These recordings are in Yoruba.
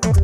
Thank you.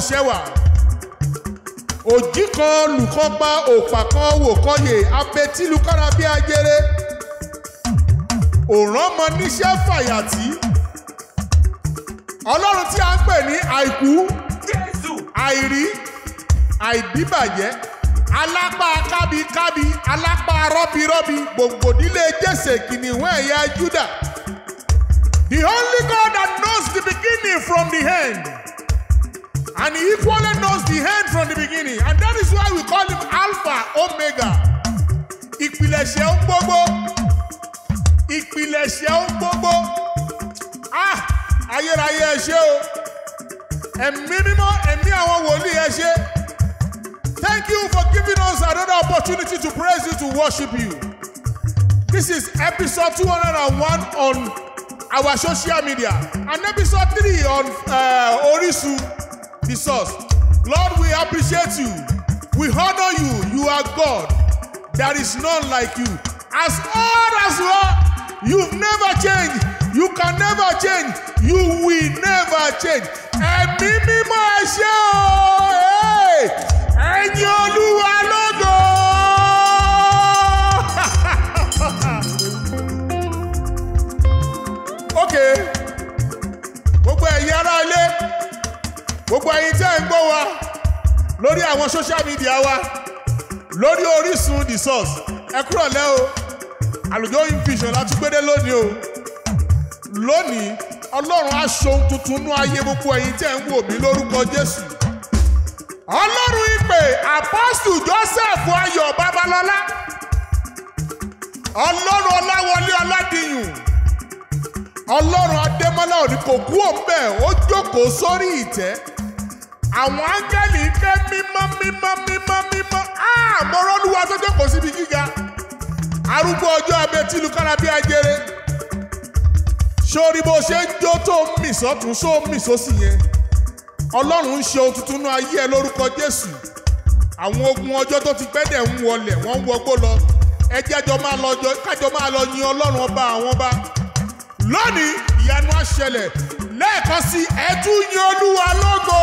ṣẹwà òjì kan lùkọ́ pa òpà wò kọ́yè abẹtílùkọ́ra bí ajere òrànmọ níṣẹ́ fàyàtì ọlọ́run tí a ń pè ní àìkú àìrí àìdíbàjẹ́ alápá kábíkábí alápá rọ́bírọ́bí gbòǹgbò nílé jésè kìnìún ẹ̀yà Júdà the only God that knows the beginning from the end. And he equally knows the end from the beginning. And that is why we call him Alpha Omega. Ìpìlẹ̀ṣẹ̀ ohun gbogbo. Ìpìlẹ̀ṣẹ̀ ohun gbogbo. Ah! Ayérayé ẹ ṣé o. Ẹ̀mí mímọ́ ẹ̀mí àwọn wòlíì ẹ Thank you for giving us another opportunity to praise you, to worship you. This is episode 201 on our social media and episode three on uh, Orisun the source. Lord, we appreciate you. We honor you. You are God. There is none like you. As old as you are, you've never changed. You can never change. You will never change. Ẹ̀mí mímọ́ ẹ ṣé o! Ẹ̀yin Olúwa lógo! Okay, gbogbo ẹ̀yin ará ilé gbogbo ẹ̀yin tẹ́ ń gbọ́ wa lórí àwọn social media wa lórí Orísun the source ẹ kúrọ̀ lẹ́ o AlujoHymn Fusion láti gbédé lónìí o lónìí ọlọ́run á ṣohun tuntun nú ayé gbogbo ẹ̀yin tẹ́ ń wò mí lórúkọ Jésù ọlọ́run ìpè apọ́sù Joseph Ayọ̀ Babalọ́lá ọlọ́run Ọláwọlé Ọládìyàn ọlọ́run Adémọ́lá òní kò kú òun bẹ́ẹ̀ ó jókòó sórí ìtẹ́ àwọn áńgẹ́lì ké mímọ́ mímọ́ mímọ́ mímọ́ àmọ́rọ́lúwa tó jókòó síbi gíga arúgbó ọjọ́ abẹ tìlú kálábí ajere sórí bó ṣe ń jó tó ń mì sọ́tún só ń mì sósì yẹn ọlọ́run ń ṣe ohun tuntun náà ayé ẹ lórúkọ jésù àwọn ogun ọjọ́ tó ti pẹ́ẹ́dẹ̀ ń wọlé wọ́n ń wọgbó lọ ẹjẹ́ àjọ máa lọ jọ kájọ máa lọ yin ọlọ́run ọba àwọn ọba lónìí ìyanu á lẹ́ẹ̀kan sí ẹ tún yìn Olúwa lógo.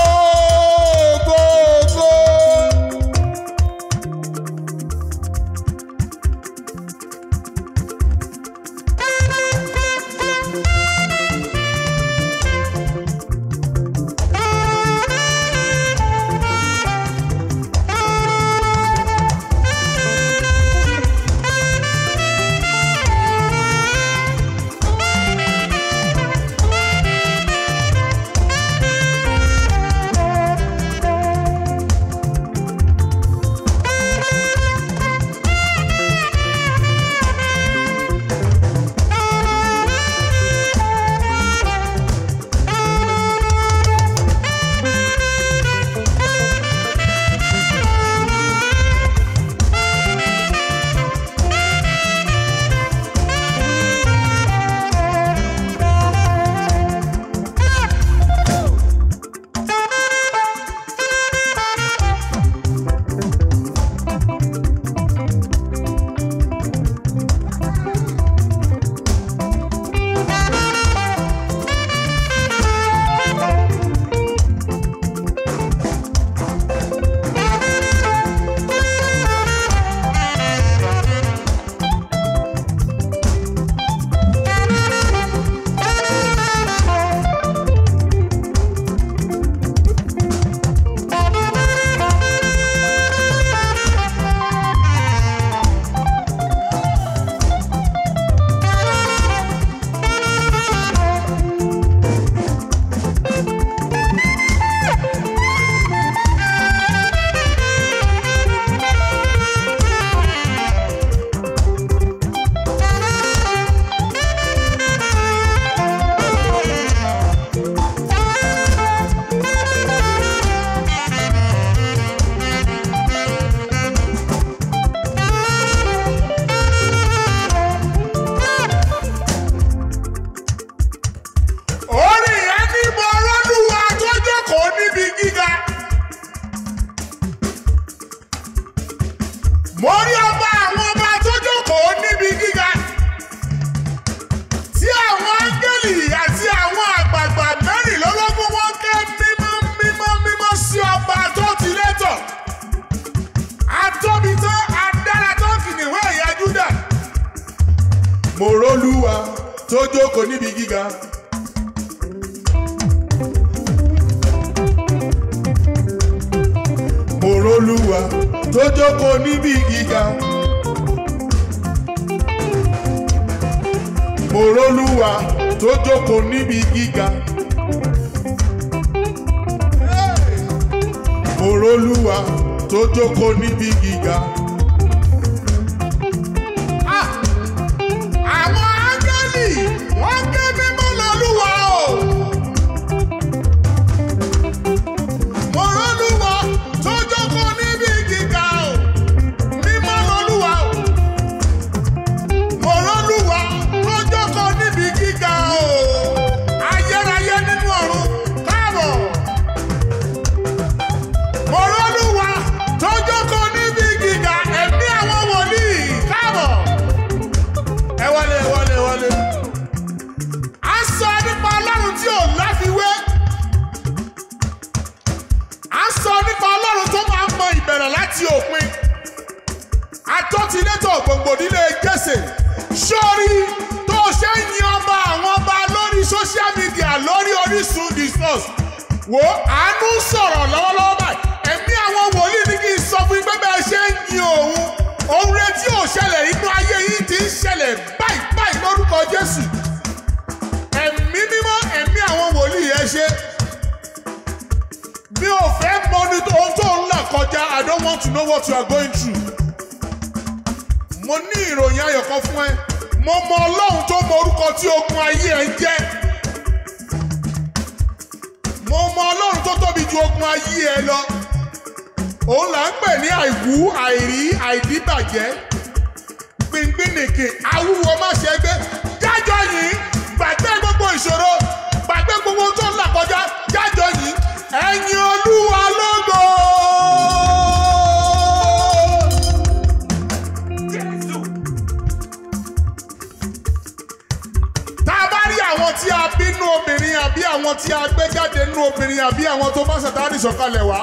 bínú obìnrin àbí àwọn tí a gbé jáde nínú obìnrin àbí àwọn tó bá Sàtánì sọ̀kalẹ̀ wá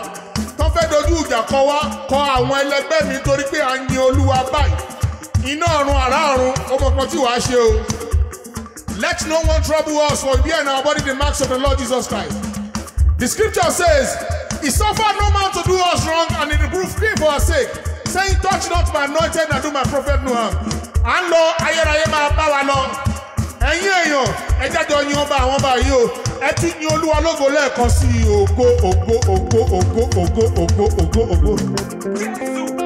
tó fẹ́ dojú ìjà kọ wá kọ àwọn ẹlẹgbẹ́ mi torí pé à ń yin Olúwa báyìí iná ọ̀run àrá ọ̀run ó tí wàá ṣe o. Let no one trouble us, for we are in our body the marks of the Lord Jesus Christ. The scripture says, He suffered no man to do us wrong, and He reproved him for our sake, saying, Touch not my anointed, and do my prophet no harm. À ń lọ ayérayé máa bá wa lọ ẹ̀yin èèyàn ẹ jáde ọyìn ọba àwọn ọba yìí o ẹ tún yin olúwa lógo lẹ́ẹ̀kan sí i ògo ògo ògo ògo ògo ògo ògo ògo.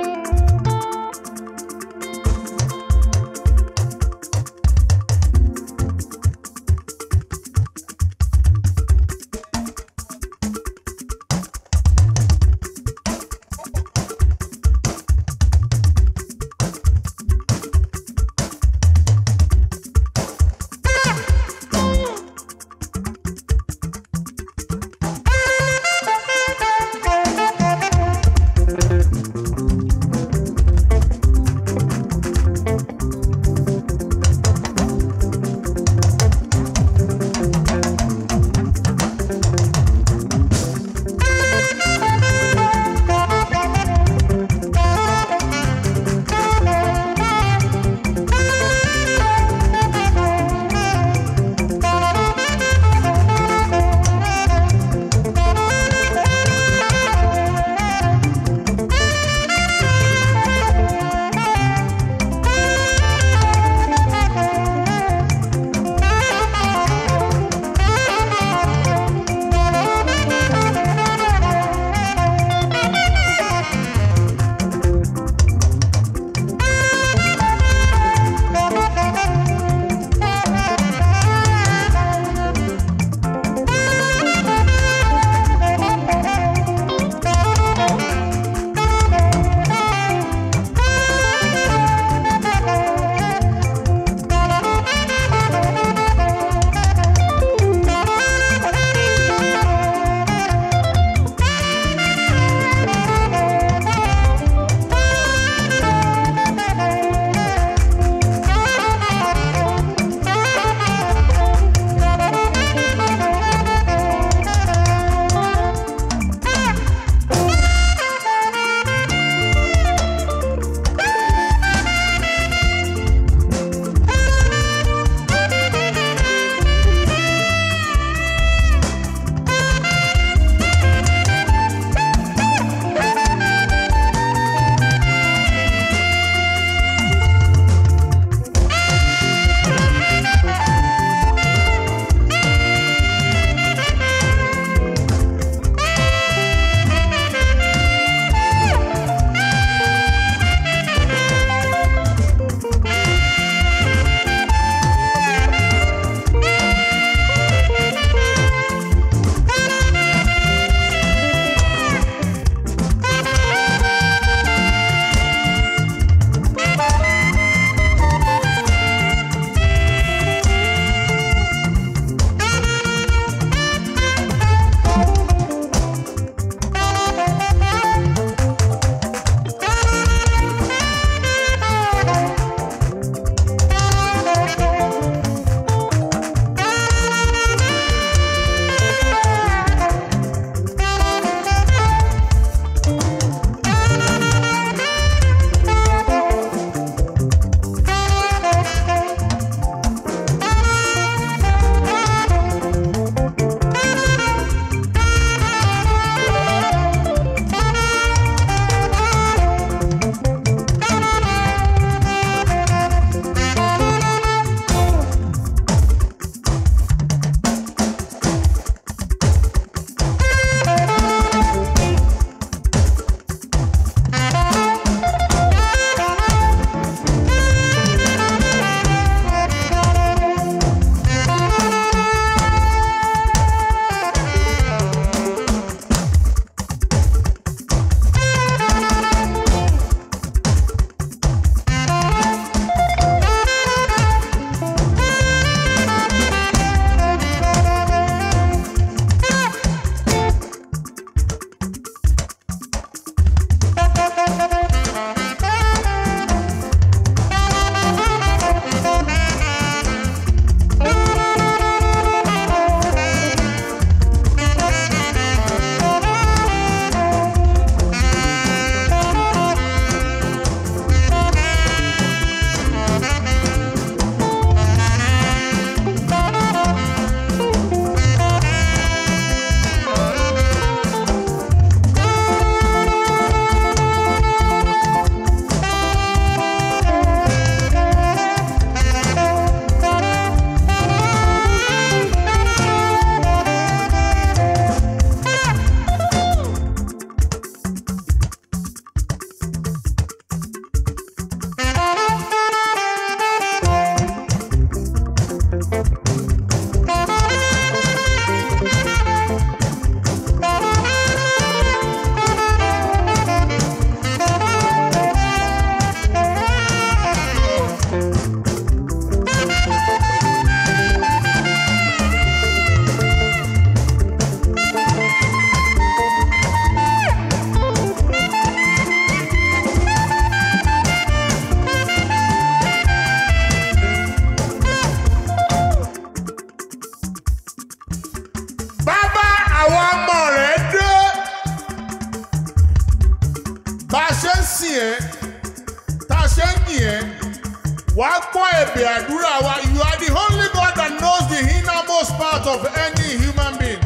wàá gbọ́ ẹ̀bẹ̀ àdúrà wa you are the only God that knows the innermost part of any human being.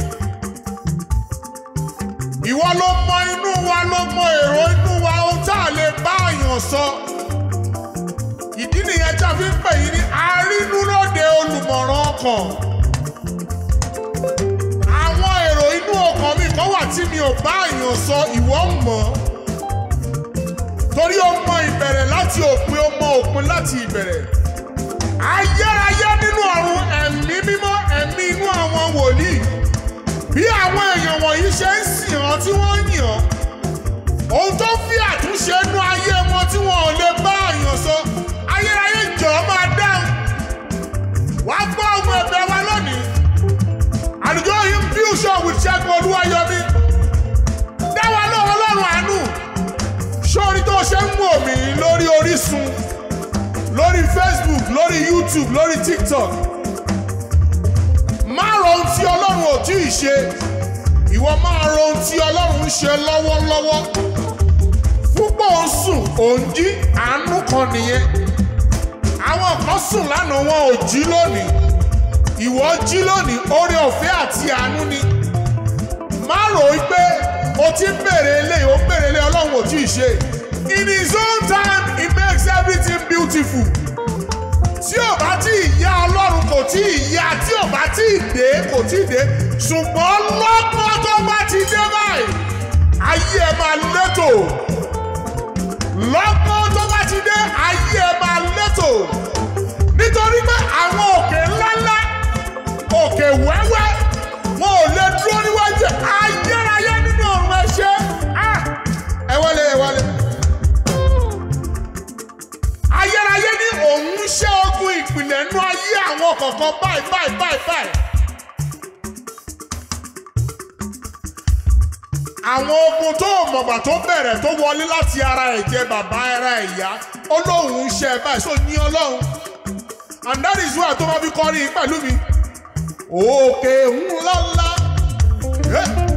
ìwọ ló mọ inú wa ló mọ èrò inú wa ohun tá a lè bá àyàn sọ. ìdí nìyẹn tí a fi ń pè yín ní arínúlóde olùmọ̀ràn ọkàn. àwọn èrò inú ọkàn mi kan wà tí mi ò bá àyàn sọ ìwọ mọ̀ torí ó mọ ìbẹ̀rẹ̀ láti òpin ó mọ òpin láti ìbẹ̀rẹ̀ ayérayé nínú ọ̀run ẹ̀mí mímọ́ ẹ̀mí inú àwọn wòlíì bí àwọn èèyàn wọ̀nyí ṣe ń sìn ọ́ tí wọ́n ń yàn ohun tó fi àtúnṣe nú ayé wọn tí wọn ò lè bá àyàn sọ ayérayé jọ máa dáhùn wàá gbọ́ ohun ẹ̀bẹ̀ wa lónìí àdúgbò yìí ń bí ìṣòwò ìṣẹ́gun olúwayọ ṣe ń mú òmì lórí Orísun lórí Facebook lórí YouTube lórí TikTok má ro ohun tí Ọlọ́run ò tí ì ṣe ìwọ máa ro ohun tí Ọlọ́run ń ṣe lọ́wọ́lọ́wọ́ púpọ̀ ń sùn òun jí àánú kan nìyẹn àwọn kan sùn lánàá wọn ò jí lónìí ìwọ jí lónìí oore ọ̀fẹ́ àti àánú ni má rò ó pé o ti ń bèrè eléyìí o ń bèrè eléyìí Ọlọ́run ò tí ì ṣe in his own time he makes everything beautiful tí ò bá tí ì yá ọlọ́run kò tí ì yá tí ò bá tí ì dé kò tí ì dé ṣùgbọ́n lọ́pọ̀ tó bá ti dé báyìí ayé ẹ máa létò lọ́pọ̀ tó bá ti dé ayé ẹ máa létò nítorí pé àwọn òkè ńláńlá òkè wẹ́wẹ́ wọn ò lè dúró níwájú ayé rẹ̀. ìpìlẹ̀ nú ayé àwọn kọ̀ọ̀kan báyìí báyìí báyìí báyìí. àwọn ogun tó mọ̀gbà tó bẹ̀rẹ̀ tó wọlé láti ara ẹ̀jẹ̀ bàbá ara ẹ̀yà olóhùn ń ṣe báyìí sọ ní ọlọ́run and that is why tó máa fi kọrin pẹ̀lú mi òkè ńlá Yeah.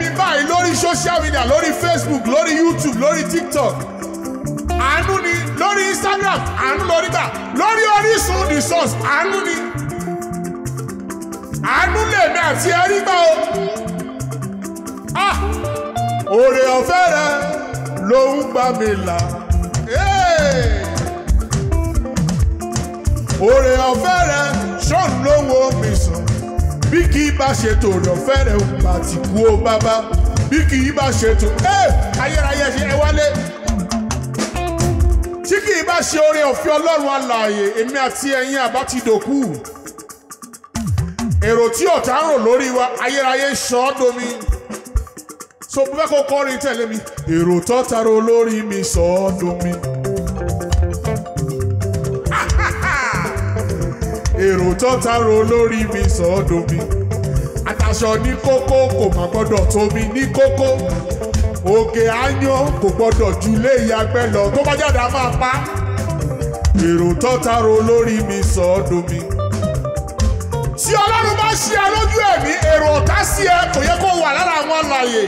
mi báyìí lórí social media lórí Facebook lórí YouTube lórí TikTok àánú ni lórí Instagram àánú lórí gbà lórí Orísun the source àánú ni àánú lèmi àti ẹrí gbà o ah òrè ọ̀fẹ́ rẹ ló ń gbà mí là òrè ọ̀fẹ́ rẹ ṣọ́ọ̀nù ló ń mi sùn bí kì í bá ṣe tò lọ fẹ́rẹ̀ ògbà tí kú ó bábá bí kì í bá ṣe tò ẹ eh, ayérayé ṣe ẹ wálé tí kì í bá ṣe orin ọ̀fẹ́ ọlọ́run alààyè èmi àti ẹ̀yin àbá ti dòkú èrò tí ọ̀tá ń rò lórí wa ayérayé ṣọ́ domi so mo fẹ́ kó kọrin tẹ̀lé mi èrò tọ́taro lórí mi sọ ọ́ domi. èrò tó taro lórí mi sọ́dọ̀ mi àtàṣọ ní kókó kò má gbọ́dọ̀ tómi ní kókó òkè áyán kò gbọ́dọ̀ ju lé ìyàgbẹ́ lọ tó bá jáde á máa pa èrò tó taro lórí mi sọ́dọ̀ mi tí ọlọ́run bá ṣe ẹ lójú ẹ̀mí èrò ọ̀tá sí ẹ kò yẹ kó wà lára àwọn àlàyé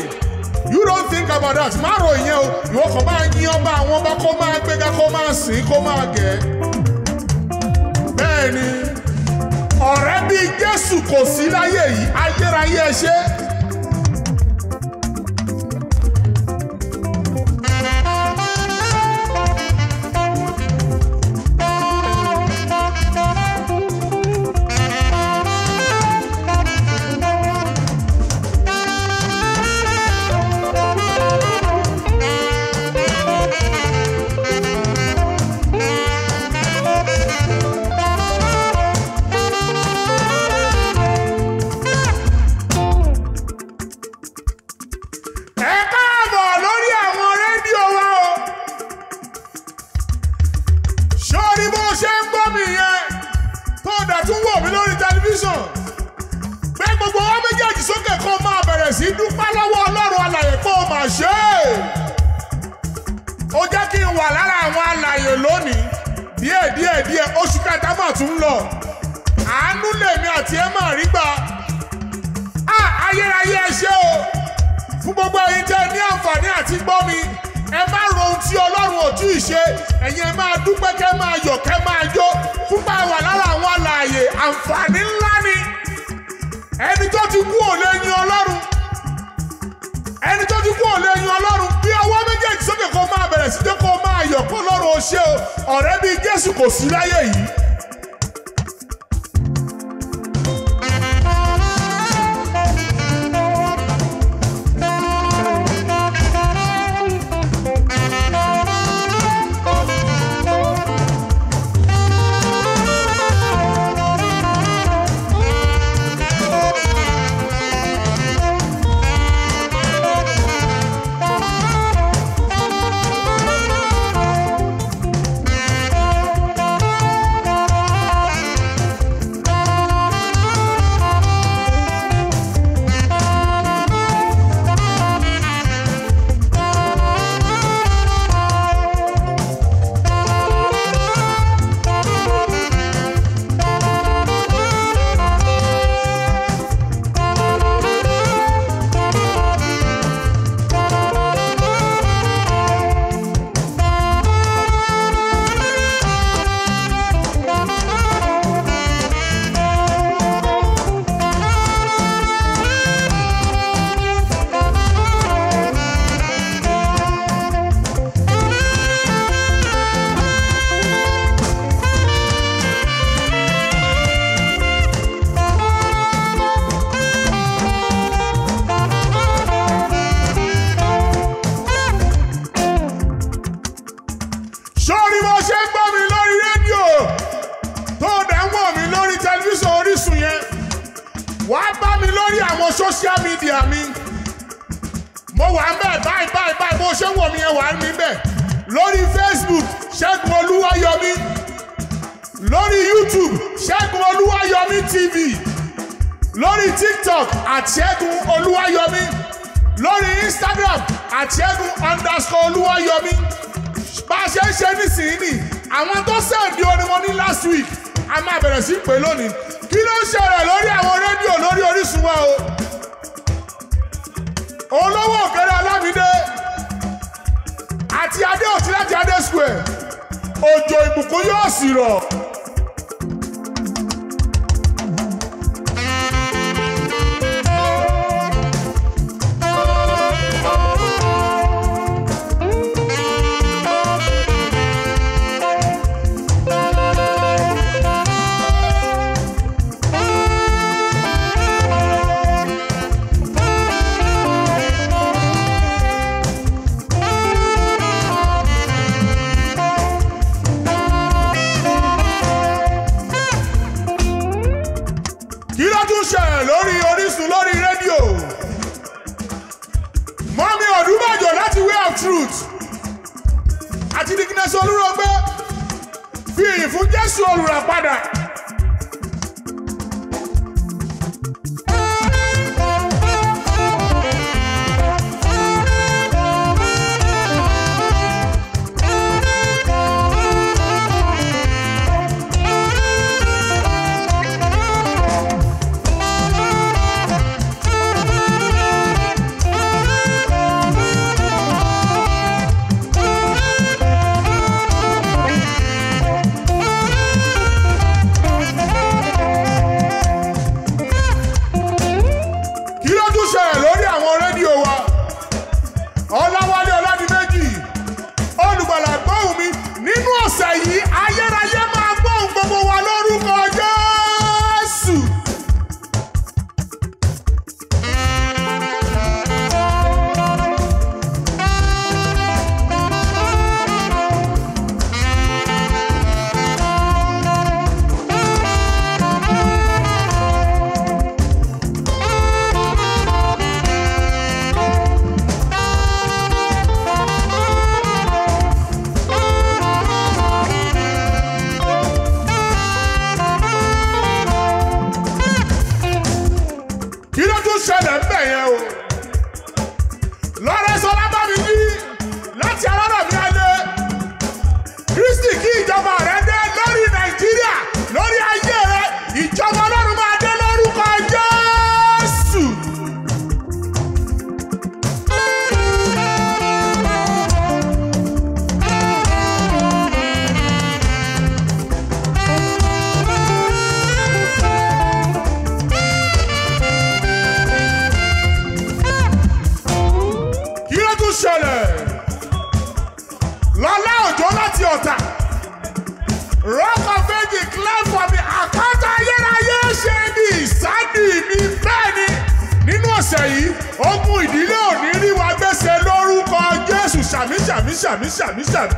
you don't think about that má ro ìyẹn o ìwọ kàn máa yín ọba àwọn ọba kó máa gbéga kó máa sìn kó máa gẹ̀ bẹ́ẹ̀ ni ọ̀rẹ́ bíi Jésù kò sí láyé yìí ayérayé ẹ ṣe lórí Instagram àti ẹ̀gùn underscore olúwayọmí bá a ṣe ń ṣe nísìnyí ni àwọn tó sẹ́ẹ̀dì orin wọn ní last week a máa bẹ̀rẹ̀ sí pé lónìí kí ló ń ṣẹlẹ̀ lórí àwọn rédíò lórí Orísun wa o olówó òkèrè alámídé àti adé òsì láti adé square òjò ìbùkún yóò sì rọ̀. ogun ìdílé ò ní rí wa gbèsè lórúkọ Jésù ṣàmì ṣàmì ṣàmì ṣàmì ṣàmì.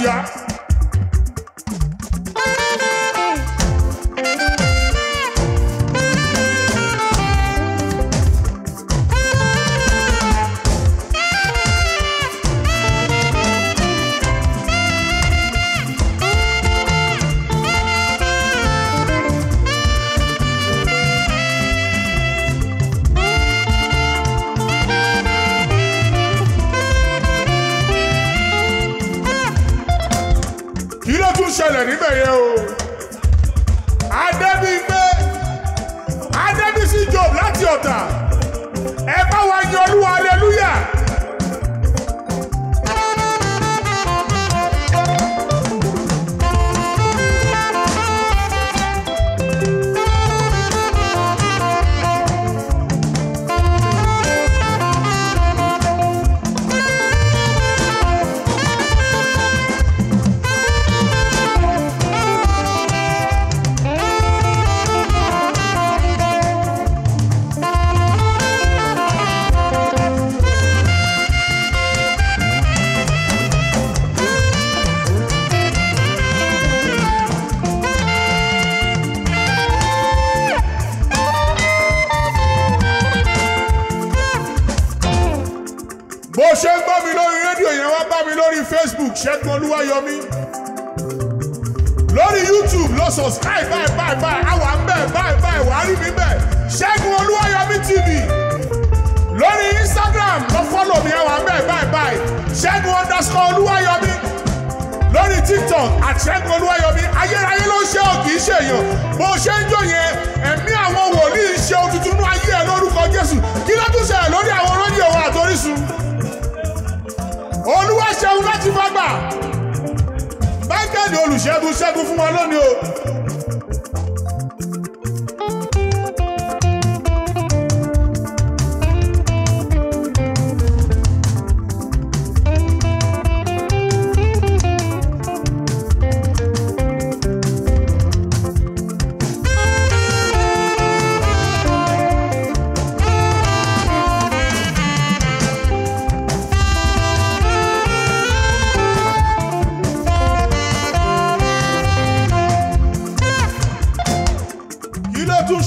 Yeah.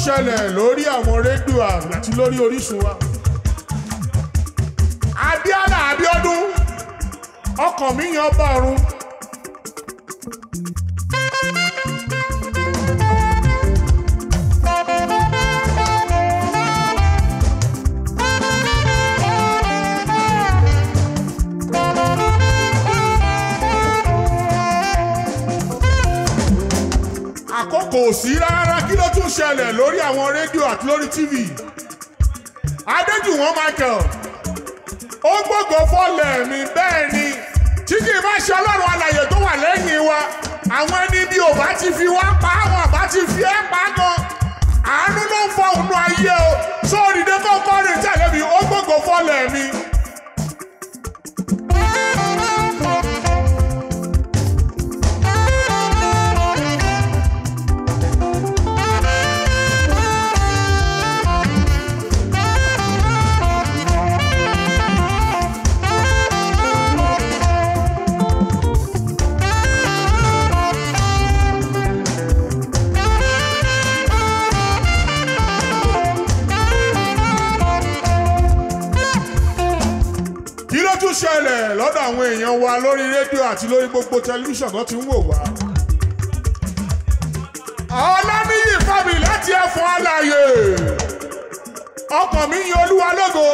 ṣẹlẹ̀ lórí àwọn rédíò àti lórí lori wa. Abíọ́lá Abíọ́dún ọkàn mi yan ọba àkókò sí rárá. kí ló tún ṣẹlẹ̀ lórí àwọn rédíò àti lórí tv adéjùwọ̀n michael ó gbogbo fọlẹ̀ mi bẹ́ẹ̀ ni tí kì í bá ṣe ọlọ́run alàyè tó wà lẹ́yìn wa àwọn ẹni bí ò bá ti fi wá pa wọn bá ti fi ẹ́ pa gan àánú ló ń fọ òun ayé o sóòrìdé kọ́kọ́ rìn tẹ̀lé mi ó gbogbo fọlẹ̀ mi. lọ́dọ̀ àwọn èèyàn wa lórí rédíò àti lórí gbogbo tẹlifíṣàn kan ti ń wò wá. Ọláníyì Fámi láti Ẹ̀fọ̀n Alààyè ọkàn mi yin Olúwa lógo.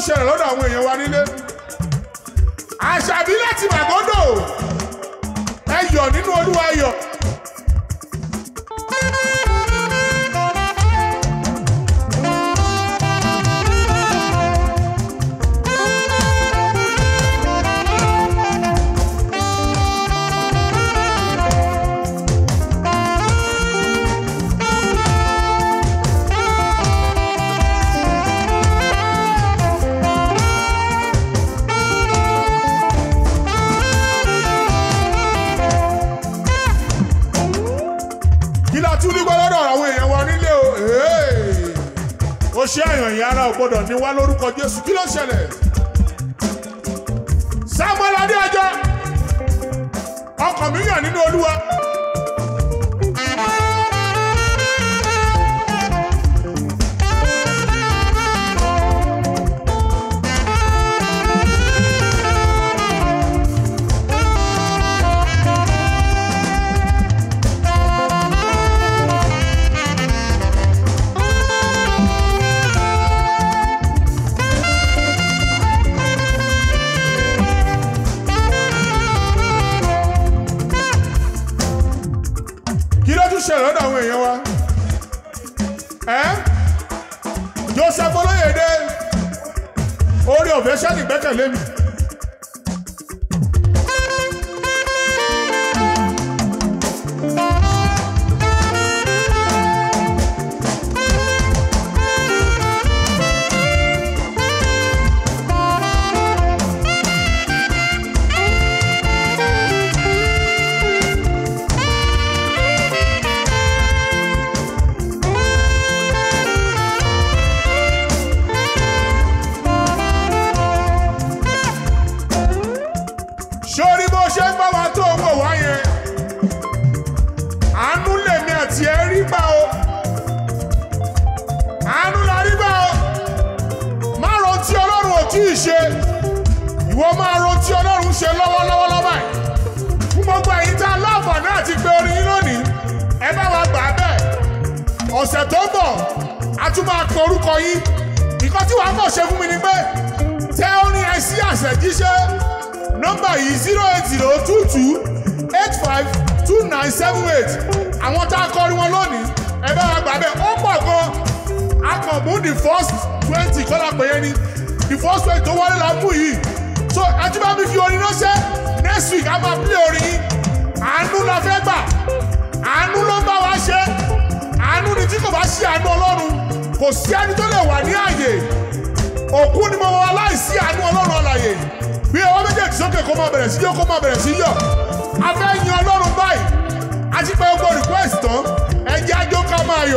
tún ṣẹlẹ̀ lọ́dọ̀ àwọn èèyàn wa nílé àṣàbí láti màgọ́dọ̀ ẹ yọ̀ nínú olúwa yọ̀. gbọ́dọ̀ ní wá lórúkọ Jésù kí ló ṣẹlẹ̀ Samuel Adéọjọ́ ọkàn mi yàn nínú Olúwa.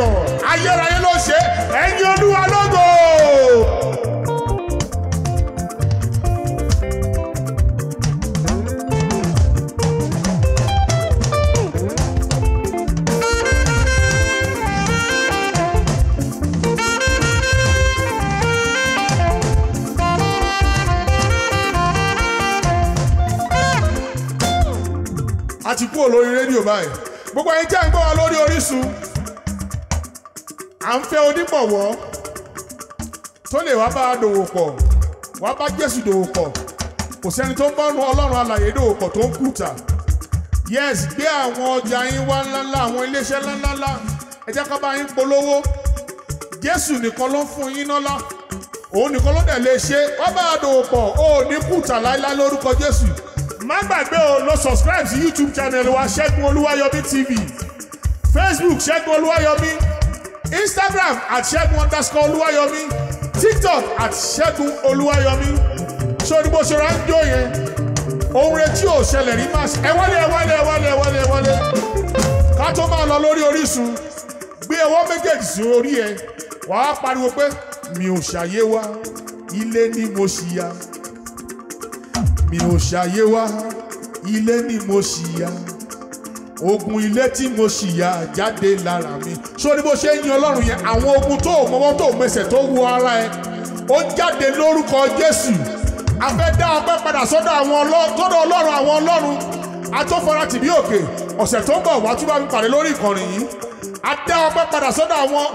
ayọ̀ ayérayé ló ṣe ẹ̀yin olúwa lógo. a ti kúrò lórí rédíò báyìí gbogbo ń gbọ́ wa à ń fẹ́ onígbọ̀wọ́ tó lè wá bá a dòwò pọ̀ wá bá Jésù dòwò pọ̀ kò sẹ́ni tó ń bọ́nu Ọlọ́run alàyè dòwò pọ̀ tó ń kùtà yes gbé àwọn ọjà yín wá ńláńlá àwọn iléeṣẹ́ ńláńlá ẹ jẹ́ ká bá yín polówó Jésù nìkan ló ń fún yín nọ́lá òun nìkan ló dẹ̀ lè ṣe wá bá a dòwò pọ̀ ó ní kùtà láíláí lórúkọ Jésù má gbàgbé o lọ subscribe sí YouTube channel wa Ṣẹ́gun Olúwayọ̀mí TV Facebook Ṣẹ́gun Olúwayọ̀mí Instagram at Ṣẹ́gun underscore Olúwayọ̀mí TikTok at Ṣẹ́gun Olúwayọ̀mí sórí bó ṣe ra ń jó yẹn ohun retí ò ṣẹlẹ̀ rí máa ṣe ẹ wọlé ẹ wọlé ẹ wọlé ẹ wọlé ẹ wọlé ká tó máa lọ lórí Orísun gbé ọwọ́ méjèèjì sí orí ẹ wàá pariwo pé mi ò ṣàyé wá ilé ni mo ṣì yá mi ò ṣàyé wá ilé ni mo ṣì yá ogun ilé tí mo sì yà jáde lára mi sórí bó ṣe ń yin ọlọ́run yẹn àwọn ogun tó o mọ́wọ́ tó o mẹsẹ̀ tó wu ara ẹ ó jáde lórúkọ jésù a ọpẹ́ padà sọ́dọ̀ àwọn ọlọ́run àwọn ọlọ́run atófara tìbí òkè ọ̀sẹ̀ tó ń bọ̀ wá tún bá mi pàdé lórí ìkànnì yìí a dá ọpẹ́ padà sọ́dọ̀ àwọn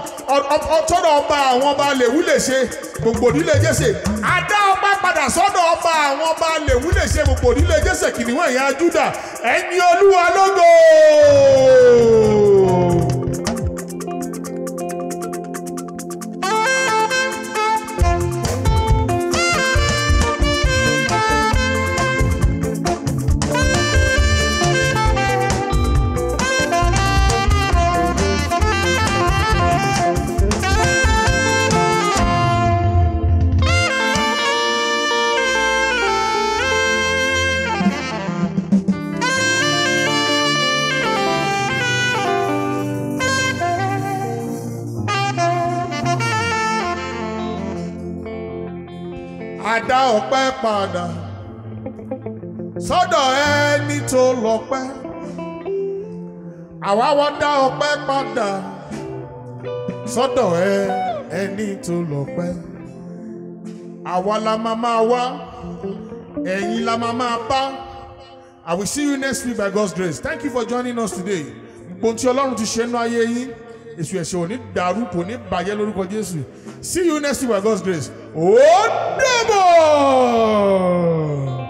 sọ́dọ̀ ọba àwọn ọba lèwúlèṣe gbogbo ìdílé jésè a ọpẹ́ padà sọ́dọ̀ ọba àwọn ọba lèwú lè ṣe gbogbo nílé jésè kìnìún ẹ̀yà júdà ẹ̀yin olúwa lógo. dá ọpẹ́ padà sọ́dọ̀ ẹni tó lọ́pẹ́ àwa wọ́n dá ọpẹ́ padà sọ́dọ̀ ẹ ẹni tó lọ́pẹ́ àwa la máa máa wá ẹ̀yin la máa máa bá I will see you next week by God's grace thank you for joining us today gbòǹtì ọlọ́run ti ṣe é nú ayé yín èsù ẹ̀ṣẹ̀ ò ní dàrú kò ní bàjẹ́ lórúkọ Jésù. See you next week by God's grace. Oh, double!